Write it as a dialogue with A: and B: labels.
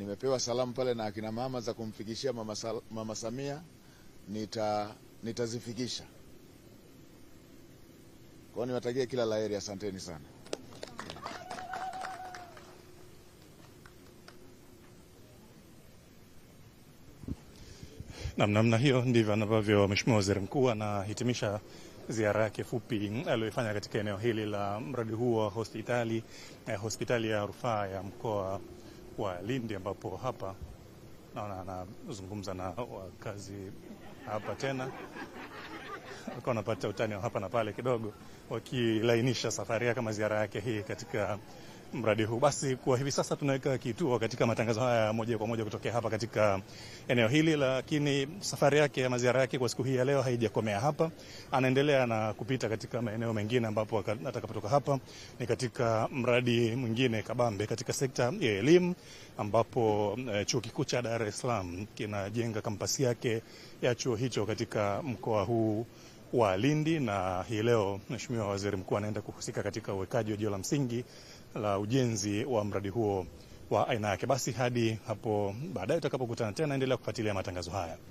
A: nimepewa salamu pale na akina mama za kumfikishia mama, sal, mama Samia nita, nitazifikisha kwao. Niwatakie kila laheri, asanteni sana.
B: Namnamna hiyo ndivyo ambavyo Mheshimiwa Waziri Mkuu anahitimisha ziara yake fupi aliyoifanya katika eneo hili la mradi huu wa hospitali eh, hospitali ya rufaa ya mkoa wa Lindi, ambapo hapa naona anazungumza na wakazi hapa tena alikuwa anapata utani wa hapa na pale kidogo, wakilainisha safari kama ziara yake hii katika mradi huu. Basi kwa hivi sasa tunaweka kituo katika matangazo haya moja kwa moja kutokea hapa katika eneo hili, lakini safari yake ya ziara yake kwa siku hii ya leo haijakomea hapa. Anaendelea na kupita katika maeneo mengine ambapo atakapotoka hapa ni katika mradi mwingine kabambe katika sekta ya elimu ambapo eh, chuo kikuu cha Dar es Salaam kinajenga kampasi yake ya chuo hicho katika mkoa huu wa Lindi, na hii leo Mheshimiwa Waziri Mkuu anaenda kuhusika katika uwekaji wa jiwe la msingi la ujenzi wa mradi huo wa aina yake. Basi hadi hapo baadaye utakapokutana tena, endelea kufuatilia matangazo haya.